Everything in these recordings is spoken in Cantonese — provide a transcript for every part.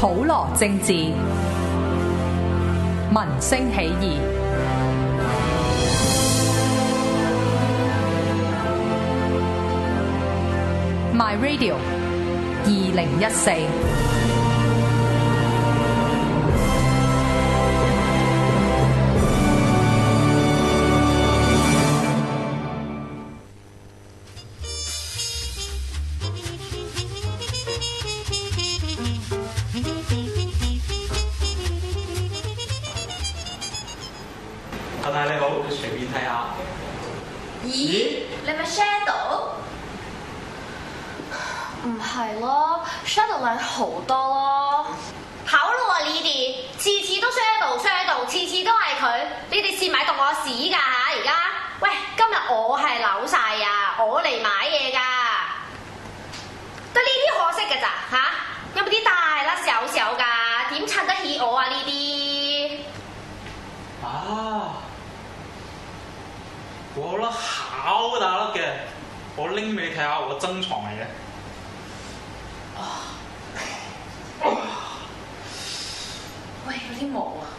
普羅政治，民聲起義。My Radio，二零一四。次次都係佢，你哋試買毒我屎噶嚇！而家，喂，今日我係扭晒呀，我嚟買嘢噶，得呢啲可惜噶咋吓？有冇啲大粒、小小噶？點襯得起我啊呢啲、啊啊？啊，我粒好大粒嘅，我拎俾你睇下，我珍藏嚟嘅。啊，哇，喂，有啲冇啊！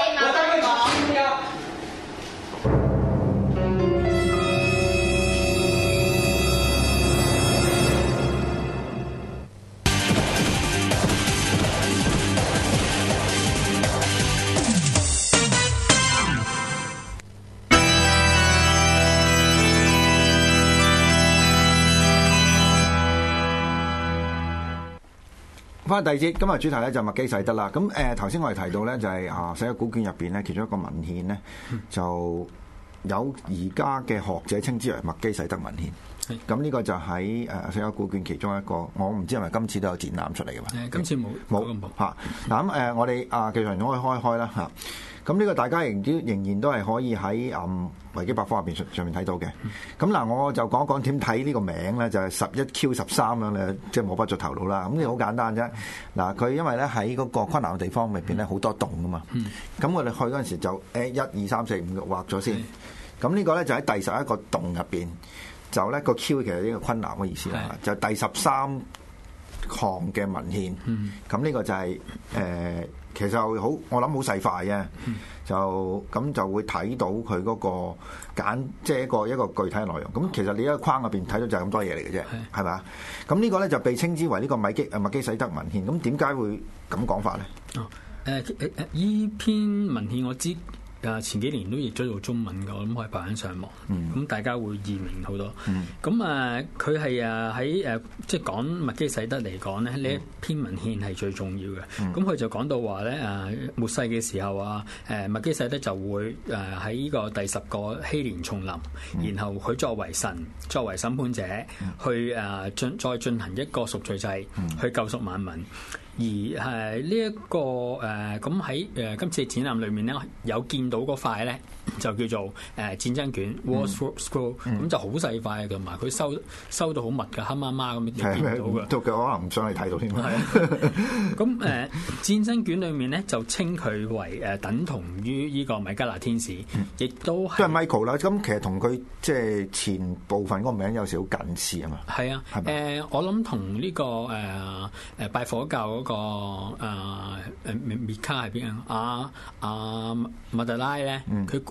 翻第二節，今日主題咧就麥基洗德啦。咁誒頭先我哋提到咧就係啊，死海古卷入邊咧其中一個文獻咧，就有而家嘅學者稱之為麥基洗德文獻。係，咁呢個就喺誒死海古卷其中一個，我唔知係咪今次都有展覽出嚟嘅嘛？今次冇冇嚇。嗱咁誒，我哋啊繼續可以開開開啦嚇。咁呢個大家仍都仍然都係可以喺啊、嗯、維基百科入邊上面睇到嘅。咁嗱，我就講一講點睇呢個名咧，就係十一 Q 十三咁樣咧，即係摸不著頭腦啦。咁呢個好簡單啫。嗱，佢因為咧喺嗰個昆蘭嘅地方入邊咧，好多洞㗎嘛。咁我哋去嗰陣時就誒一二三四五六畫咗先。咁呢是的 個咧就喺第十一個洞入邊，就咧個 Q 其實呢個昆蘭嘅意思啦。是的 就第十三行嘅文獻。咁呢是的 個就係、是、誒。呃其實好，我諗好細塊嘅，就咁就會睇到佢嗰個簡，即係一個一個具體嘅內容。咁其實你一個框入邊睇到就係咁多嘢嚟嘅啫，係咪？咁呢個咧就被稱之為呢個米基阿麥基洗德文獻。咁點解會咁講法咧？哦，誒、呃，依篇文獻我知。啊！前幾年都譯咗做中文嘅，咁可以擺喺上網。咁、嗯、大家會易明好多。咁、嗯嗯嗯、啊，佢係啊喺誒，即係講麥基洗德嚟講咧，呢一篇文獻係最重要嘅。咁佢、嗯嗯、就講到話咧，誒、啊、末世嘅時候啊，誒麥基洗德就會誒喺呢個第十個希蓮重臨，嗯、然後佢作為神、作為審判者，去誒、嗯啊、進再進行一個贖罪制，去救贖萬民。嗯嗯嗯嗯。而係呢一個誒，咁喺誒今次展覽裏面咧，我有見到嗰塊咧。就叫做誒戰爭卷 （War Scroll） 咁就好細塊，同埋佢收收到好密嘅黑麻麻咁樣見到嘅，都可能唔想你睇到添。咁誒、呃、戰爭卷裏面咧就稱佢為誒等同於呢個米迦勒天使，亦、嗯、都係因為 Michael 啦。咁其實同佢即係前部分嗰個名有少少近似啊嘛。係啊，誒、嗯、我諗同呢個誒誒、呃、拜火教嗰、那個誒誒、呃、米卡係邊啊？阿阿麥特拉咧，佢、啊。啊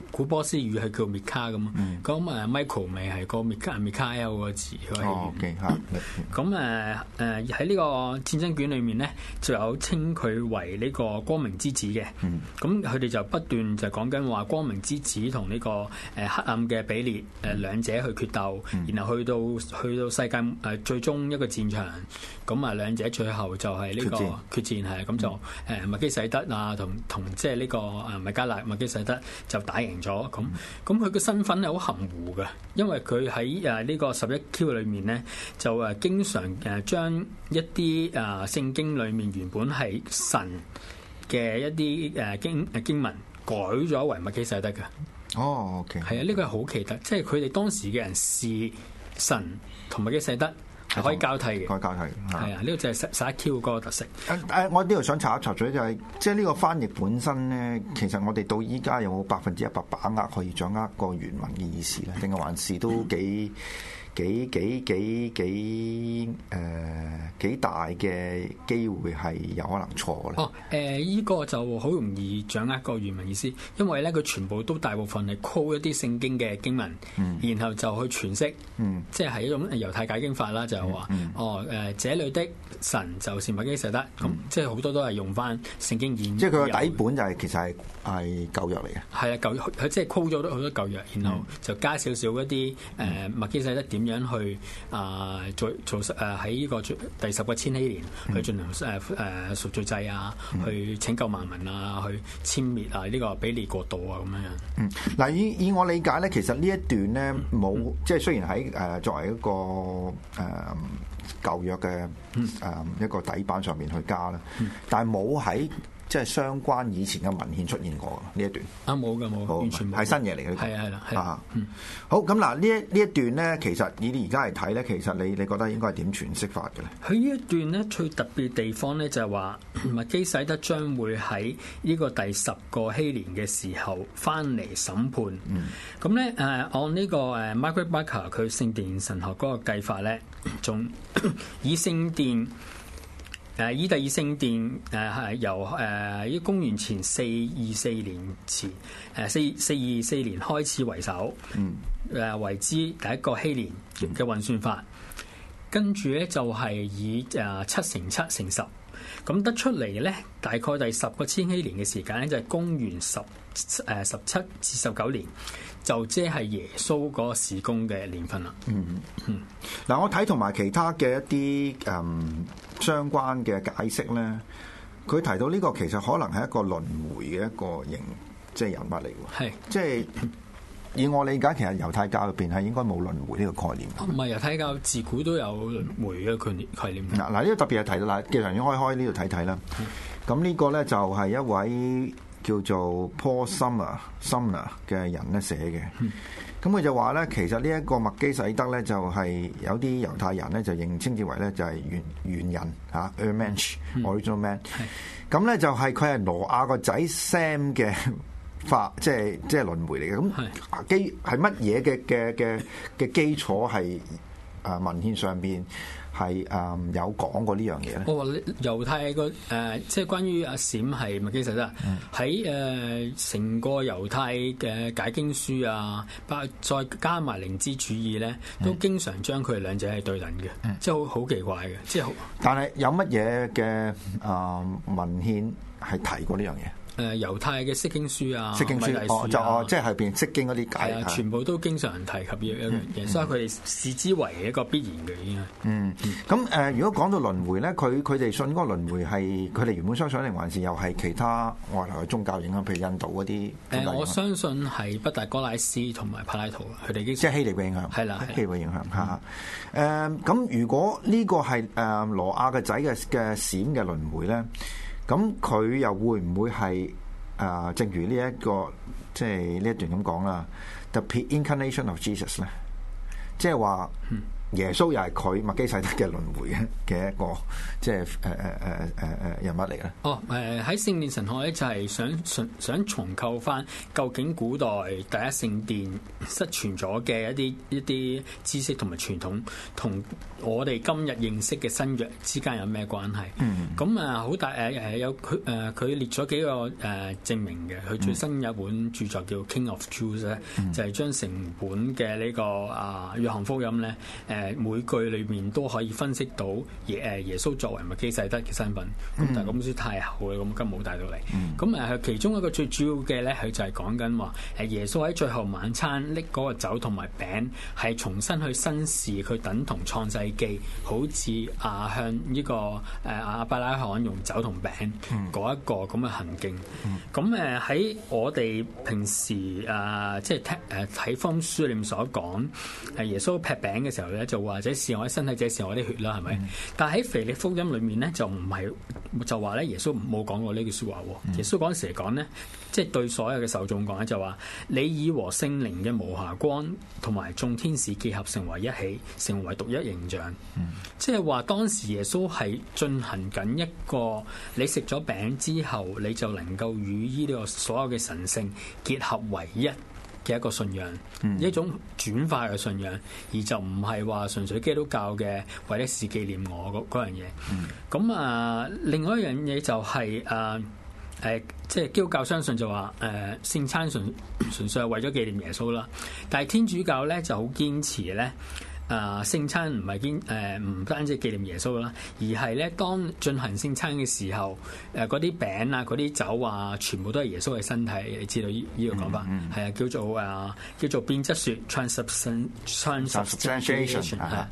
古波斯語係叫米卡咁，咁誒 Michael 咪係個米卡米卡 L 個字。哦、啊，OK 嚇、嗯，米卡咁誒誒喺呢個戰爭卷裏面咧，就有稱佢為呢個光明之子嘅。咁佢哋就不斷就講緊話光明之子同呢個誒黑暗嘅比列誒兩者去決鬥，嗯、然後去到去到世界誒最終一個戰場，咁啊兩者最後就係呢個決戰係咁戰、嗯、就誒麥基洗德啊，同同即係呢個誒麥加勒麥基洗德就打贏。咗咁，咁佢嘅身份係好含糊嘅，因為佢喺誒呢個十一 Q 裏面咧，就誒經常誒將一啲誒聖經裏面原本係神嘅一啲誒經經文改咗為麥基洗德嘅。哦，OK，係、okay, okay. 啊，呢個係好奇特，即係佢哋當時嘅人視神同麥基洗德。可以交替嘅，可以交替嘅，係啊，呢個就係十一 Q 個特色。誒我呢度想插一插嘴，就係即係呢個翻譯本身咧，其實我哋到依家有冇百分之一百把握可以掌握個原文嘅意思咧？定係還是都幾？幾幾幾幾誒幾大嘅機會係有可能錯嘅咧？哦，誒依個就好容易掌握個原文意思，因為咧佢全部都大部分係 quote 一啲聖經嘅經文，嗯，然後就去詮釋，嗯，即係一種猶太解經法啦，就係話，哦，誒這裡的神就是麥基洗德，咁即係好多都係用返聖經演，即係佢個底本就係其實係係舊約嚟嘅，係啊，舊約佢即係 quote 咗好多舊約，然後就加少少一啲誒麥基洗德點。點樣去啊？做做實喺呢個第十個千禧年去、嗯、進行誒誒贖罪祭啊，嗯、去拯救萬民啊，去殲滅啊，呢個比利國度啊咁樣。嗯，嗱以以我理解咧，其實呢一段咧冇、嗯嗯、即係雖然喺誒作為一個誒舊約嘅誒一個底板上面去加啦，嗯嗯、但係冇喺。即係相關以前嘅文獻出現過呢一段啊？冇嘅，冇，好完全係新嘢嚟嘅。係啊，係啦，啊嗯，好，咁嗱呢一呢一段咧，其實你哋而家嚟睇咧，其實你你覺得應該係點詮釋法嘅咧？佢呢一段咧最特別地方咧就係話麥基洗德將會喺呢個第十個希年嘅時候翻嚟審判。咁咧誒，按呢個誒 Margaret Barker 佢聖殿神學嗰個計法咧，仲以聖殿。誒，以第二聖殿誒係、呃、由誒、呃、於公元前四二四年前誒四四二四年、呃、年開始為首，誒、呃、為之第一個禧年嘅運算法，跟住咧就係以誒七、呃、乘七乘十，咁得出嚟咧大概第十個千禧年嘅時間咧就係公元十誒十七至十九年。就即係耶穌嗰個事工嘅年份啦、嗯。嗯，嗱，我睇同埋其他嘅一啲誒相關嘅解釋咧，佢提到呢個其實可能係一個輪迴嘅一個型，即係人物嚟喎。即係是以我理解，其實猶太教入邊係應該冇輪迴呢個概念。唔係，猶太教自古都有輪迴嘅概念概念。嗱嗱、嗯，呢個特別係提到嗱，嘅場先開開呢度睇睇啦。咁呢個咧就係一位，叫做 Paul Summer Summer 嘅人咧寫嘅，咁佢就話咧，其實呢一個麥基洗德咧，就係有啲猶太人咧就認稱之為咧就係原原人嚇 m e n c h 我呢張 man，咁咧、嗯、就係佢係羅亞個仔 Sam 嘅化，即係即係輪迴嚟嘅，咁基係乜嘢嘅嘅嘅嘅基礎係啊文獻上邊？係誒、嗯、有講過呢樣嘢咧？哦，猶太個誒、呃、即係關於阿閃係咪其實啦？喺誒成個猶太嘅解經書啊，再加埋靈知主義咧，都經常將佢哋兩者係對等嘅、嗯，即係好好奇怪嘅。即係但係有乜嘢嘅誒文獻係提過呢樣嘢？誒猶太嘅《釋經書》啊，《米利水》就即係後邊《釋經》嗰啲解，全部都經常提及嘅，所以佢哋視之為一個必然嘅嘢。嗯，咁誒，如果講到輪迴咧，佢佢哋信嗰個輪迴係佢哋原本相信定，還是又係其他外來宗教影響，譬如印度嗰啲？我相信係畢達哥拉斯同埋柏拉圖佢哋即係希利嘅影響，係啦，希利嘅影響嚇。誒，咁如果呢個係誒羅亞嘅仔嘅嘅閃嘅輪迴咧？咁佢又會唔會係啊？正如呢、這、一個即係呢一段咁講啦，特別 incarnation of Jesus 咧，即係話。耶穌又係佢麥基洗德嘅輪迴嘅嘅一個即係誒誒誒誒誒人物嚟嘅。哦，誒喺聖殿神學咧就係想重想重構翻究竟古代第一聖殿失傳咗嘅一啲一啲知識同埋傳統，同我哋今日認識嘅新約之間有咩關係？嗯，咁啊好大誒誒有佢誒佢列咗幾個誒證明嘅。佢最新有一本著作叫《King of Jews》咧，就係將成本嘅呢個啊約翰福音咧誒。誒每句裏面都可以分析到耶誒耶穌作為麥基洗德嘅身份，咁、嗯、但係本書太厚啦，咁今冇帶到嚟。咁誒其中一個最主要嘅咧，佢就係講緊話誒耶穌喺最後晚餐拎嗰個酒同埋餅，係重新去新視佢等同創世記，好似阿向呢個誒阿伯拉罕用酒同餅嗰、嗯、一個咁嘅行徑。咁誒喺我哋平時啊、呃，即係聽誒睇方書裏面所講，係耶穌劈餅嘅時候咧。就或者是我啲身體，或者是我啲血啦，係咪？嗯、但係喺腓力福音裏面咧，就唔係就話咧，耶穌冇講過呢句説話。嗯、耶穌嗰陣時講咧，即、就、係、是、對所有嘅受眾講咧，就話、是、你已和聖靈嘅無瑕光同埋眾天使結合成為一起，成為獨一形象。即係話當時耶穌係進行緊一個，你食咗餅之後，你就能夠與依啲個所有嘅神性結合為一。嘅一個信仰，一種轉化嘅信仰，而就唔係話純粹基督教嘅為的是紀念我嗰樣嘢。咁啊、呃，另外一樣嘢就係啊誒，即係基督教相信就話誒、呃、聖餐純純粹係為咗紀念耶穌啦。但係天主教咧就好堅持咧。啊，聖餐唔係堅誒，唔單止紀念耶穌啦，而係咧當進行聖餐嘅時候，誒嗰啲餅啊、嗰啲酒啊，全部都係耶穌嘅身體，你知道呢呢個講法，係啊、嗯，嗯、叫做啊，叫做變質説 transubstantiation 係。Trans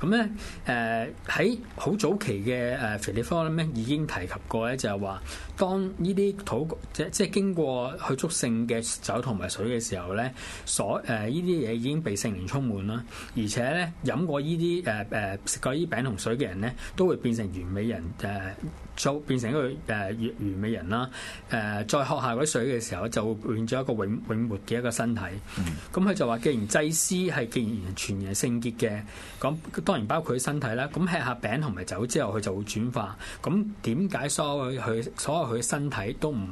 咁咧，誒喺好早期嘅誒腓力科咧，已經提及過咧，就係、是、話當呢啲土即即經過去祝聖嘅酒同埋水嘅時候咧，所誒呢啲嘢已經被聖靈充滿啦，而且咧飲過,、呃、過呢啲誒誒食過呢啲餅同水嘅人咧，都會變成完美人誒。呃變呃呃、就變成一個誒完美人啦。誒在喝下嗰水嘅時候，就變咗一個永永活嘅一個身體。咁佢、mm hmm. 嗯、就話：既然祭司係然全完全聖潔嘅，咁、嗯、當然包括佢身體啦。咁、嗯、吃下餅同埋酒之後，佢就會轉化。咁點解所有佢所有佢身體都唔？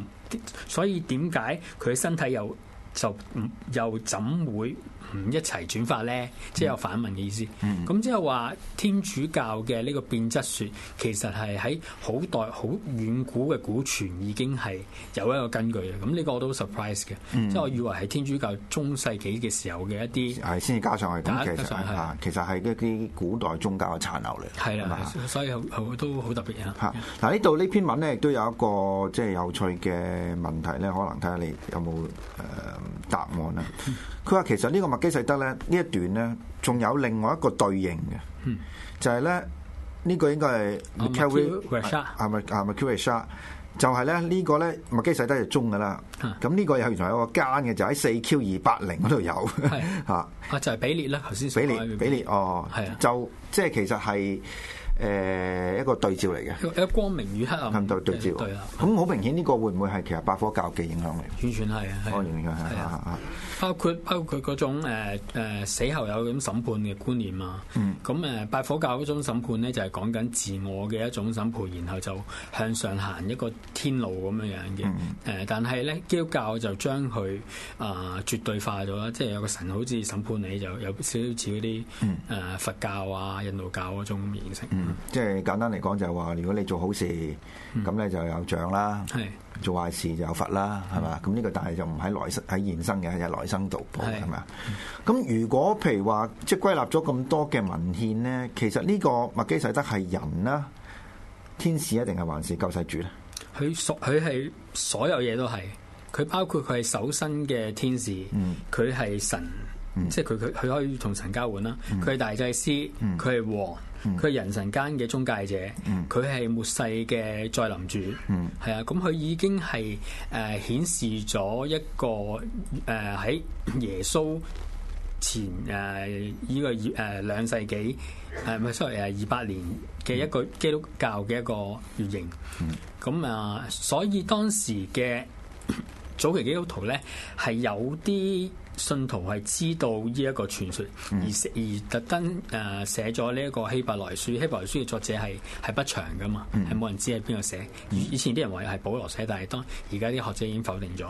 所以點解佢身體又就唔又怎會？唔一齊轉發咧，即係有反問嘅意思。咁、嗯、即係話天主教嘅呢個變質説，其實係喺好代好遠古嘅古傳已經係有一個根據嘅。咁呢個我都 surprise 嘅，嗯、即係我以為係天主教中世紀嘅時候嘅一啲係先至加上去嘅。其實係一啲古代宗教嘅殘留嚟。係啦的，吧所以好都好特別啊。嗱，呢度呢篇文咧，亦都有一個即係有趣嘅問題咧，可能睇下你有冇誒答案啦。佢話、嗯、其實呢個問題。基洗德咧呢一段咧，仲有另外一個對應嘅，嗯、就係咧呢個應該係、啊、Melchiresha 啊，就係咧呢個咧麥基洗德就中噶啦。咁呢個有原來有個間嘅，就喺四 Q 二八零嗰度有嚇。啊，就係比列啦，頭先比列，比列哦，啊、就，就、啊、即係其實係。誒一個對照嚟嘅，光明與黑暗對，對照。對啊，咁好明顯呢個會唔會係其實拜火教嘅影響嚟？完全係啊，完全影響係啊。包括包括嗰種誒誒死後有咁審判嘅觀念啊。咁誒拜火教嗰種審判咧，就係講緊自我嘅一種審判，然後就向上行一個天路咁樣樣嘅。嗯。誒，但係咧基督教就將佢啊絕對化咗啦，即係有個神好似審判你，就有少少似嗰啲誒佛教啊、印度教嗰種咁嘅形式。即係簡單嚟講就係話，如果你做好事，咁咧、嗯、就有獎啦；是做壞事就有罰啦，係嘛？咁呢個但係就唔喺來生，喺現生嘅，喺來生度。係嘛、嗯？咁如果譬如話，即係歸納咗咁多嘅文獻咧，其實呢個麥基洗德係人啦，天使一定係還是救世主咧？佢所佢係所有嘢都係，佢包括佢係守身嘅天使，佢係、嗯、神。即係佢佢佢可以同神交換啦，佢係 大祭司，佢係 王，佢係 人神間嘅中介者，佢係 末世嘅再臨主，係 啊！咁佢已經係誒顯示咗一個誒喺耶穌前誒呢個月誒兩世紀誒唔係 sorry 係二百年嘅一個基督教嘅一個原型。咁啊，所以當時嘅早期基督徒咧係有啲。信徒係知道呢一個傳說，嗯、而而特登誒寫咗呢一個希伯來書。希伯來書嘅作者係係不詳㗎嘛，係冇、嗯、人知係邊個寫。嗯、以前啲人話係保羅寫，但係當而家啲學者已經否定咗。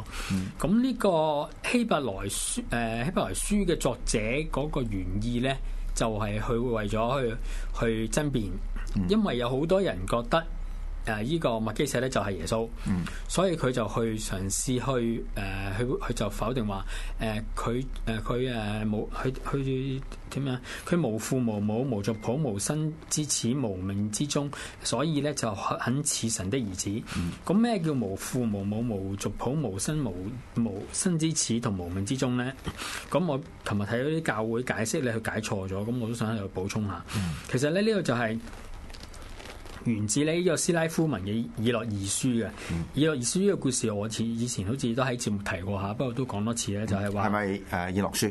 咁呢、嗯、個希伯來書誒、呃、希伯來書嘅作者嗰個原意咧，就係、是、佢會為咗去去爭辯，因為有好多人覺得。誒依、啊這個麥基洗德就係耶穌，嗯、所以佢就去嘗試去誒，佢佢就否定話誒佢誒佢誒冇佢佢點樣，佢無父無母無族譜、無生之始、無命之終，所以咧就很似神的兒子。咁咩、嗯、叫無父無母無族譜、無身無無生之始同無命之終咧？咁我琴日睇到啲教會解釋咧，佢解錯咗，咁我都想喺度補充下。嗯、其實咧呢個就係、是。源自咧呢個《斯拉夫文嘅〈以諾二書〉》嘅，《以諾二書》呢、這個故事我似以前好似都喺節目提過吓，不過都講多次咧，就係話係咪以以諾書》？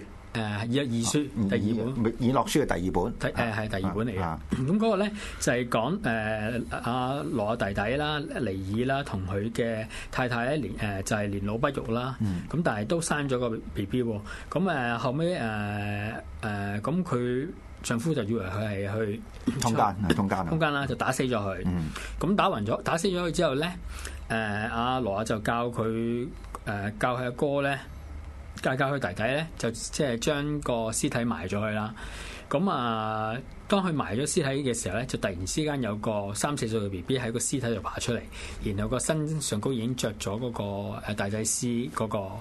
以以諾二書》第二本，《以諾書》嘅、哦、第二本、啊，誒係第二本嚟嘅。咁、啊、嗰、啊、個咧就係講誒阿羅嘅弟弟啦，尼爾啦，同佢嘅太太咧連誒就係年老不育啦，咁、嗯、但係都生咗個 B B 喎。咁誒後尾，誒誒咁佢。丈夫就以為佢係去通奸，通奸啦，就打死咗佢。咁、嗯、打暈咗，打死咗佢之後咧，誒、呃、阿羅啊就教佢誒教佢阿哥咧，教教佢弟弟咧，就即係將個屍體埋咗佢啦。咁啊，當佢埋咗屍體嘅時候咧，就突然之間有個三四歲嘅 B B 喺個屍體度爬出嚟，然後個身上高已經着咗嗰個誒大祭司嗰個誒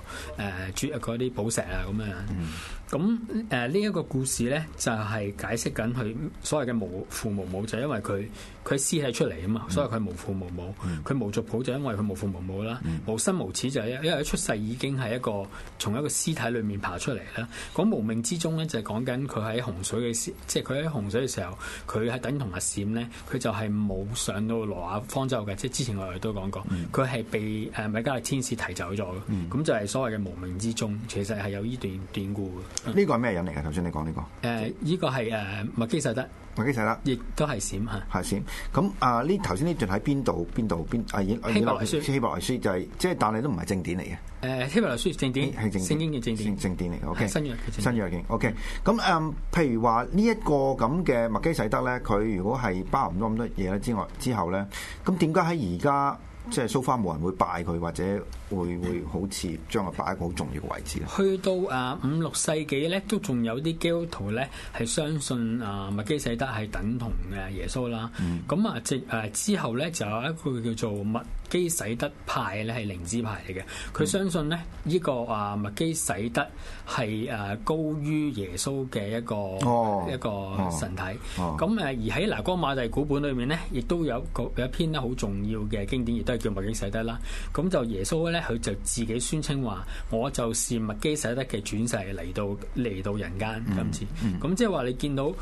珠嗰啲寶石啊咁樣。嗯。咁誒呢一個故事咧，就係、是、解釋緊佢所謂嘅無父無母，母，就是、因為佢佢屍體出嚟啊嘛，所以佢無父無母，母。佢無族譜就因為佢、嗯、無父無母啦，無生無齒就係因因為喺出世已經係一個從一個屍體裏面爬出嚟啦。講、那個、無名之中咧，就係講緊佢喺洪水嘅時，即係佢喺洪水嘅時候，佢係等同阿閃咧，佢就係冇上到羅亞方舟嘅，即係之前我哋都講過，佢係、嗯、被誒、呃、米迦勒天使提走咗。咁、嗯、就係所謂嘅無名之中，其實係有呢段典故嘅。呢、呢個係咩人嚟嘅？頭先你講呢個誒，呢個係誒麥基洗德，麥基洗德亦都係閃嚇係閃咁、呃、啊！呢頭先呢段喺邊度？邊度？邊啊！希伯來書，希伯來書就係即係，但係都唔係正典嚟嘅誒。希伯來書正典係正典聖經嘅正正典嚟嘅。O K 新約嘅正典。O K 咁誒，譬如話呢一個咁嘅麥基洗德咧，佢如果係包含咗咁多嘢咧之外之後咧，咁點解喺而家？即係 so far 冇人會拜佢，或者會會好似將佢擺一個好重要嘅位置。去到啊五六世紀咧，都仲有啲基督徒咧係相信啊麥基洗德係等同嘅耶穌啦。咁啊、嗯，即係之後咧就有一個叫做麥基洗德派咧係靈知派嚟嘅。佢相信咧呢、嗯、個啊麥基洗德係誒高於耶穌嘅一個、哦、一個神體。咁誒、哦哦、而喺拿戈馬帝古本裏面咧，亦都有個有一篇咧好重要嘅經典，亦都。叫麥基洗德啦，咁就耶穌咧，佢就自己宣稱話：我就是麥基洗德嘅轉世嚟到嚟到人間咁樣。咁即係話你見到誒。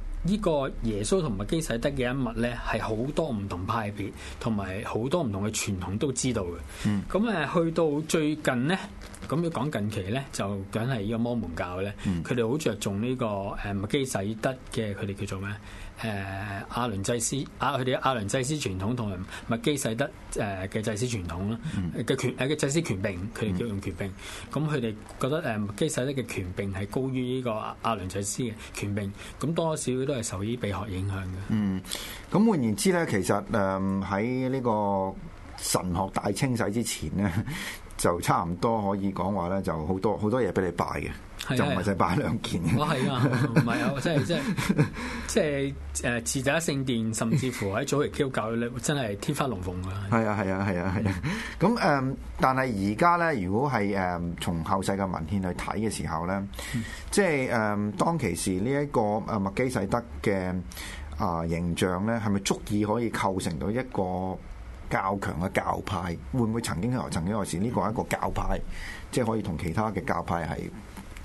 呢個耶穌同埋麥基洗德嘅一物咧，係好多唔同派別同埋好多唔同嘅傳統都知道嘅。咁誒、嗯、去到最近咧，咁要講近期咧，就梗係呢個摩門教咧，佢哋好著重呢個誒麥基洗德嘅佢哋叫做咩？誒亞倫祭司，亞佢哋亞倫祭司傳統同埋麥基洗德誒嘅祭司傳統啦，嘅權誒嘅祭司權柄，佢哋叫用權柄。咁佢哋覺得誒麥基洗德嘅權柄係高於呢個亞亞倫祭司嘅權柄。咁多少都～都係受依鼻學影響嘅、嗯。嗯，咁換言之咧，其實誒喺呢個神學大清洗之前咧。 就差唔多可以講話咧，就好多好多嘢俾你拜嘅， 就唔使拜兩件、啊。我 係樂啊，唔係啊，即係即係即係誒，十字架聖殿，甚至乎喺早期 Q 教，教 咧樂，真係天花龍鳳 啊！係啊係啊係啊係啊！咁誒、啊啊，但係而家咧，如果係誒從後世嘅文獻去睇嘅時候咧，即係誒當其時呢一個誒麥基洗德嘅啊形象咧，係咪足以可以構成到一個？較強嘅教派，會唔會曾經係曾經有時呢個係一個教派，即係可以同其他嘅教派係。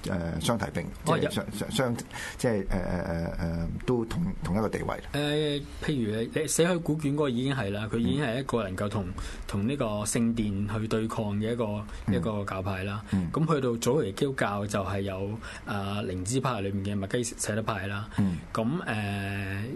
誒相提並，即係相相相，即係誒誒誒誒，都同同一個地位。誒、呃，譬如你你死海古卷嗰個已經係啦，佢、嗯、已經係一個能夠同同呢個聖殿去對抗嘅一個、嗯、一個教派啦。咁去、嗯、到早期基督教就係有誒靈知派裏面嘅麥基洗德派啦。咁誒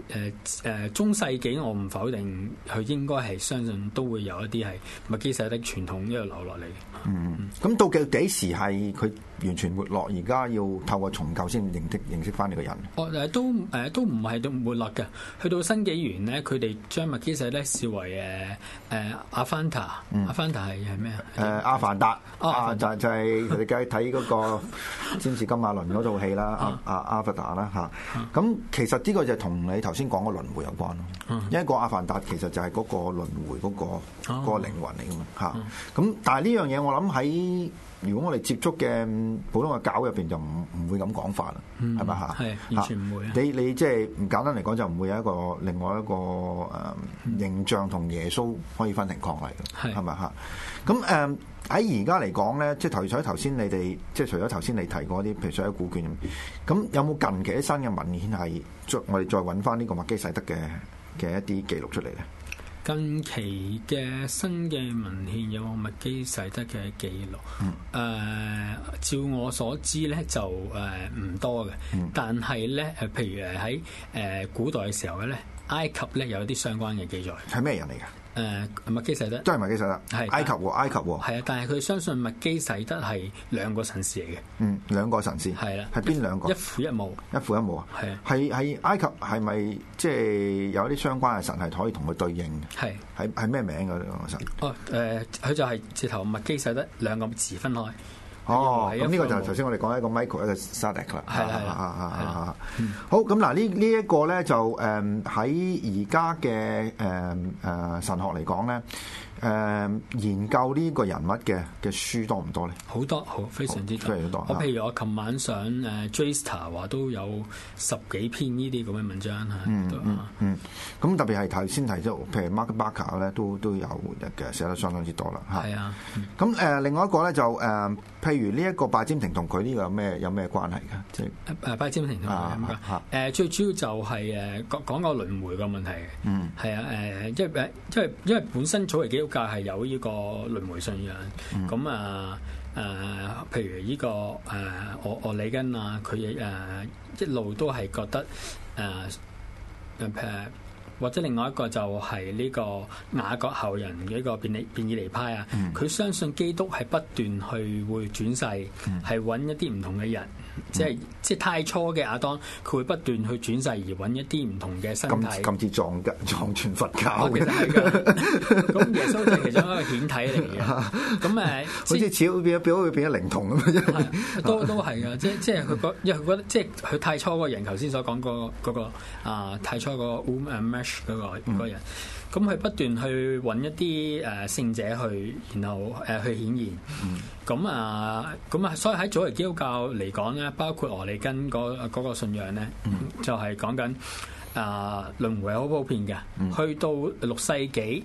誒誒，中世紀我唔否定佢應該係相信都會有一啲係麥基洗德傳統一路流落嚟。嗯嗯，嗯，咁、嗯嗯、到嘅幾時係佢？完全沒落，而家要透過重構先認識認識翻你個人。哦，誒都誒都唔係都沒落嘅，去到新紀元咧，佢哋將麥基洗德咧視為誒誒阿凡達。嗯。阿凡達係係咩啊？誒阿凡達。阿凡達就係佢哋梗係睇嗰個《占士金馬倫》嗰套戲啦，阿阿阿凡達啦嚇。咁其實呢個就同你頭先講個輪迴有關咯。嗯。因為個阿凡達其實就係嗰個輪迴嗰個嗰個靈魂嚟㗎嘛嚇。咁但係呢樣嘢我諗喺。如果我哋接觸嘅普通嘅教入邊就唔唔會咁講法啦，係咪嚇？完全唔會。你你即係唔簡單嚟講就唔會有一個另外一個誒、呃、形象同耶穌可以分庭抗禮嘅，係咪嚇？咁誒喺而家嚟講咧，即係頭取頭先你哋即係除咗頭先你提過啲，譬如所有古卷咁，有冇近期新嘅文獻係再我哋再揾翻呢個麥基洗德嘅嘅一啲記錄出嚟咧？近期嘅新嘅文獻有冇麥基洗德嘅記錄？誒、嗯呃，照我所知咧，就誒唔多嘅。嗯、但係咧誒，譬如誒喺誒古代嘅時候咧，埃及咧有啲相關嘅記載。係咩人嚟㗎？誒麥、呃、基洗德都係麥基洗德，埃及喎，埃及喎，係啊！但係佢相信麥基洗德係兩個神士嚟嘅，嗯，兩個神士係啦，係邊的兩個？一父一母，一父一母啊，係啊，係係的埃及係咪即係有啲相關嘅神係可以同佢對應嘅？係係係咩名嗰兩個神？哦誒、呃，佢、呃、就係直頭麥基洗德兩個字分開。哦，咁呢個就係頭先我哋講一個 Michael 一個 Studic 啦，係係係係係。好，咁嗱呢呢一個咧，就誒喺而家嘅誒誒神學嚟講咧，誒研究呢個人物嘅嘅書多唔多咧？好多，好，非常之多。譬如我琴晚上誒 JSTOR 話都有十幾篇呢啲咁嘅文章嚇，嗯，咁特別係頭先提到，譬如 Mark Barker 咧，都都有嘅寫得相當之多啦。係啊。咁誒，另外一個咧就誒。譬如呢一個拜占庭同佢呢個有咩有咩關係㗎？即係誒拜占庭同佢咁噶，誒，啊、最主要就係誒講講個輪迴個問題嘅，係、嗯、啊誒，即係因為因為本身早期基督教係有呢個輪迴信仰，咁、嗯、啊誒、啊，譬如呢、這個誒，俄俄里根啊，佢誒一路都係覺得誒誒。啊啊啊或者另外一個就係呢個雅各後人嘅一個便利便利，尼派啊，佢相信基督係不斷去會轉世，係揾一啲唔同嘅人，嗯、即係即係太初嘅亞當，佢會不斷去轉世而揾一啲唔同嘅身體，咁至撞撞全佛教嘅。咁耶穌就係其中一個顯體嚟嘅，咁誒、啊，好似似會變咗變咗變咗靈童咁樣，都都係啊！即即係佢、那個，因為佢覺得即係佢太初嗰個人，頭先所講嗰嗰個啊太初個嗰個五個人，咁佢不斷去揾一啲誒聖者去，然後誒去顯現。咁啊，咁啊，所以喺早期基督教嚟講咧，包括俄利根嗰嗰個信仰咧，就係講緊啊輪迴係好普遍嘅。去到六世紀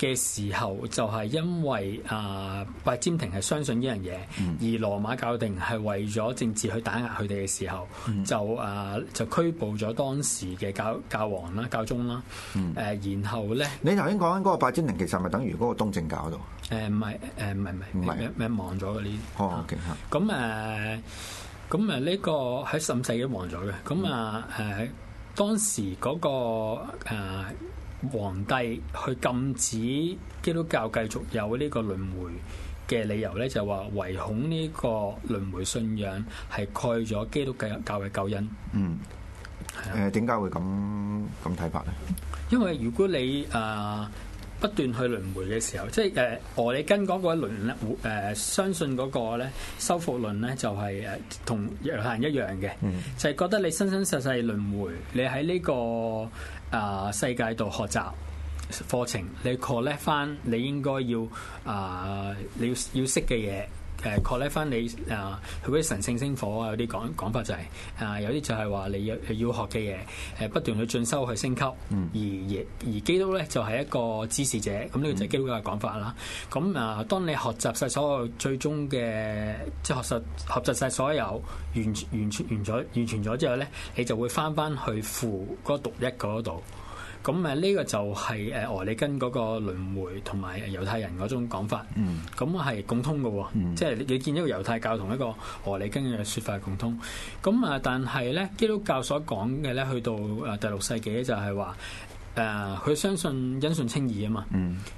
嘅時候就係因為啊，拜占庭係相信呢樣嘢，而羅馬教廷係為咗政治去打壓佢哋嘅時候，就啊就拘捕咗當時嘅教教皇啦、教宗啦，誒，然後咧，你頭先講緊嗰個拜占庭其實咪等於嗰個東正教度？誒唔係誒唔係唔係唔係咩忘咗嘅啲。哦，咁啊咁誒，呢個喺十世紀忘咗嘅。咁啊誒，當時嗰個皇帝去禁止基督教繼續有呢個輪迴嘅理由咧，就係話唯恐呢個輪迴信仰係蓋咗基督教教嘅救恩。嗯，誒點解會咁咁睇法咧？因為如果你誒不斷去輪迴嘅時候，即係誒我你跟俄里根嗰個輪誒相信嗰個咧，修復論咧就係誒同其他人一樣嘅，就係覺得你生生世世輪迴，你喺呢個。啊！Uh, 世界度學習課程，你 collect 翻，你應該要啊，uh, 你要要識嘅嘢。誒 collect 翻你啊，佢嗰啲神聖星火啊，有啲講講法就係、是、啊、呃，有啲就係話你要要學嘅嘢，誒、呃、不斷去進修去升級，嗯、而而而基督咧就係、是、一個支持者，咁呢個就係基督教嘅講法啦。咁啊，當你學習晒所有最終嘅即係學習學習晒所有完完，完，完，完，完完全完咗完全咗之後咧，你就會翻翻去父嗰獨一嗰度。咁誒呢個就係誒俄里根嗰個輪迴同埋猶太人嗰種講法，咁係、嗯、共通嘅喎，嗯、即係你見一個猶太教同一個俄里根嘅説法共通。咁啊，但係咧基督教所講嘅咧，去到誒第六世紀咧就係話。誒，佢相信因信稱義啊嘛，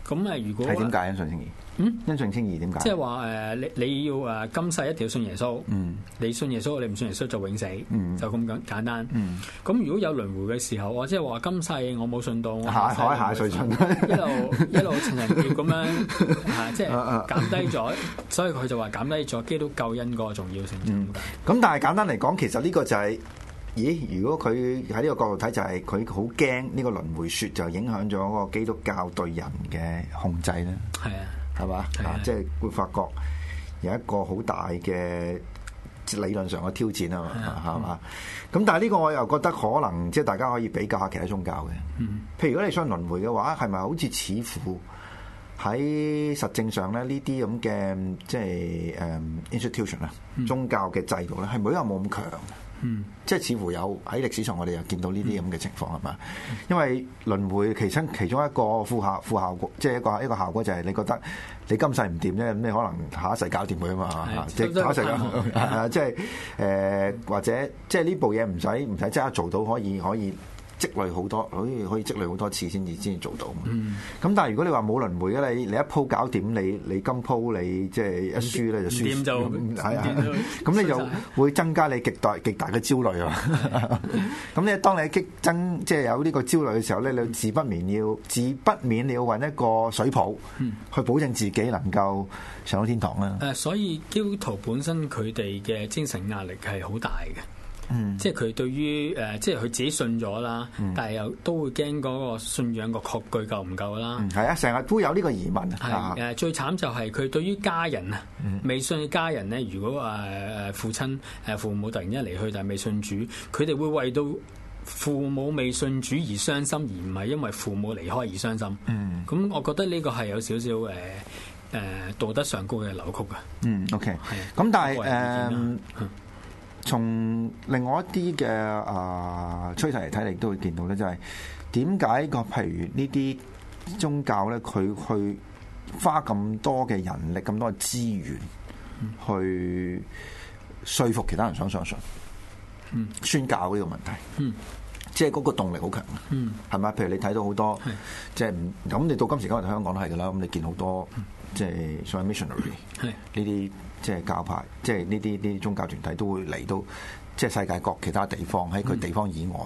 咁啊、嗯、如果係點解因信稱義？嗯，因信稱義點解？即係話誒，你你要誒今世一定要信耶穌，嗯、你信耶穌，你唔信耶穌就永死，就咁簡簡單。咁、嗯嗯、如果有輪迴嘅時候，或者話今世我冇信到，我信到下下下下 一路一路情人節咁樣，即係減低咗，所以佢就話減低咗基督救恩嗰個重要性。咁、嗯嗯、但係簡單嚟講，其實呢個就係、是。咦？如果佢喺呢個角度睇，就係佢好驚呢個輪迴説就影響咗個基督教對人嘅控制咧。係啊，係嘛吧？啊，即係、啊、會發覺有一個好大嘅理論上嘅挑戰啊嘛，係嘛吧？咁、嗯、但係呢個我又覺得可能即係、就是、大家可以比較下其他宗教嘅。嗯、譬如如果你想輪迴嘅話，係咪好似似乎喺實證上咧呢啲咁嘅即係誒、um, institution 咧宗教嘅制度咧，係冇人冇咁強。嗯，即係似乎有喺歷史上，我哋又見到呢啲咁嘅情況係嘛？嗯、因為輪迴其中其中一個副效副效果，即係一個一個效果就係你覺得你今世唔掂，咁你可能下一世搞掂佢啊嘛？的即下的一世搞掂佢，即係誒，或者即係呢部嘢唔使唔使即刻做到可以可以。可以積累好多，可以可以積累好多次先至先至做到嘛。咁但係如果你話冇輪迴咧，你你一鋪搞掂，你你今鋪你即係一輸咧就輸。點就係啊？咁咧就你你會增加你極大極大嘅焦慮啊！咁咧、啊，當你激增即係有呢個焦慮嘅時候咧，你自不免要你自不免要揾一個水泡，去保證自己能夠上到天堂啦。誒，uh, 所以基督徒本身佢哋嘅精神壓力係好大嘅。即係佢對於誒，即係佢自己信咗啦，嗯、但係又都會驚嗰個信仰個確據夠唔夠啦。嗯，係啊，成日都有呢個疑問。係誒、啊，啊、最慘就係佢對於家人啊，嗯、未信嘅家人咧，如果話誒、啊、父親、誒父母突然間離去，但係未信主，佢哋會為到父母未信主而傷心，而唔係因為父母離開而傷心。嗯，咁、嗯、我覺得呢個係有少少誒誒、呃呃、道德上高嘅扭曲噶。嗯，OK，係。咁但係誒。從另外一啲嘅誒趨勢嚟睇，你都會見到咧，就係點解個譬如呢啲宗教咧，佢去花咁多嘅人力、咁多嘅資源去説服其他人想相信，宣教呢個問題，嗯、即係嗰個動力好強，係咪、嗯？譬如你睇到好多，即係咁，你到今時今日香港都係㗎啦，咁你見好多。嗯即係所謂 missionary，係呢啲即係教派，即係呢啲啲宗教團體都會嚟到。即係世界各其他地方喺佢地方以外，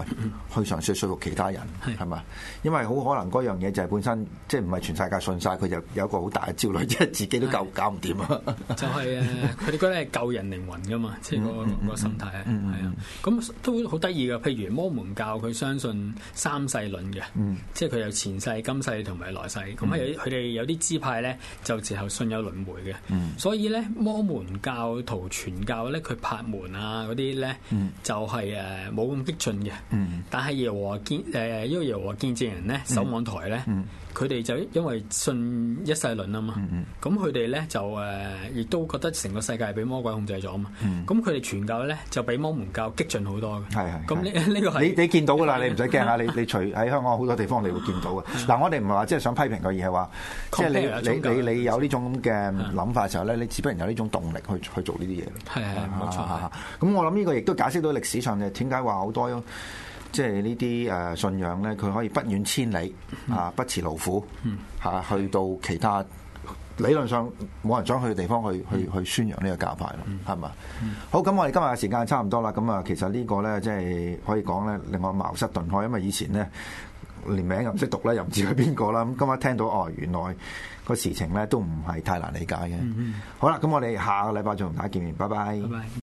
去嘗試説服其他人，係咪？因為好可能嗰樣嘢就係本身即係唔係全世界信晒，佢，就有一個好大嘅焦慮，即係自己都夠搞唔掂啊！就係啊，佢哋覺得係救人靈魂噶嘛，即係個個心態啊，係啊。咁都好得意噶，譬如摩門教佢相信三世論嘅，即係佢有前世、今世同埋來世。咁係有佢哋有啲支派咧，就之後信有輪迴嘅。所以咧，摩門教徒傳教咧，佢拍門啊嗰啲咧。嗯， 就係誒冇咁激進嘅，嗯， 但係耶和見誒、呃，因為耶和見證人咧，守望台咧。 佢哋就因為信一世論啊嘛，咁佢哋咧就誒，亦都覺得成個世界俾魔鬼控制咗啊嘛，咁佢哋傳教咧就比摩門教激進好多嘅。係係。咁呢呢個你你見到㗎啦，你唔使驚啊！你你除喺香港好多地方，你會見到嘅。嗱，我哋唔係話即係想批評佢，而係話，即係你你你有呢種咁嘅諗法嘅時候咧，你自不然有呢種動力去去做呢啲嘢。係係冇錯嚇。咁我諗呢個亦都解釋到歷史上嘅點解話好多。即係呢啲誒信仰咧，佢可以不遠千里、嗯、啊，不辭勞苦嚇、嗯啊，去到其他理論上冇人想去嘅地方去去、嗯、去宣揚呢個教派咯，係嘛？嗯、好咁，嗯、我哋今日嘅時間差唔多啦。咁啊，其實個呢個咧，即、就、係、是、可以講咧，令我茅塞頓開，因為以前咧連名又唔識讀咧，又唔知佢邊個啦。咁今日聽到哦，原來個事情咧都唔係太難理解嘅。好啦、嗯，咁我哋下個禮拜就同大家見面，拜拜。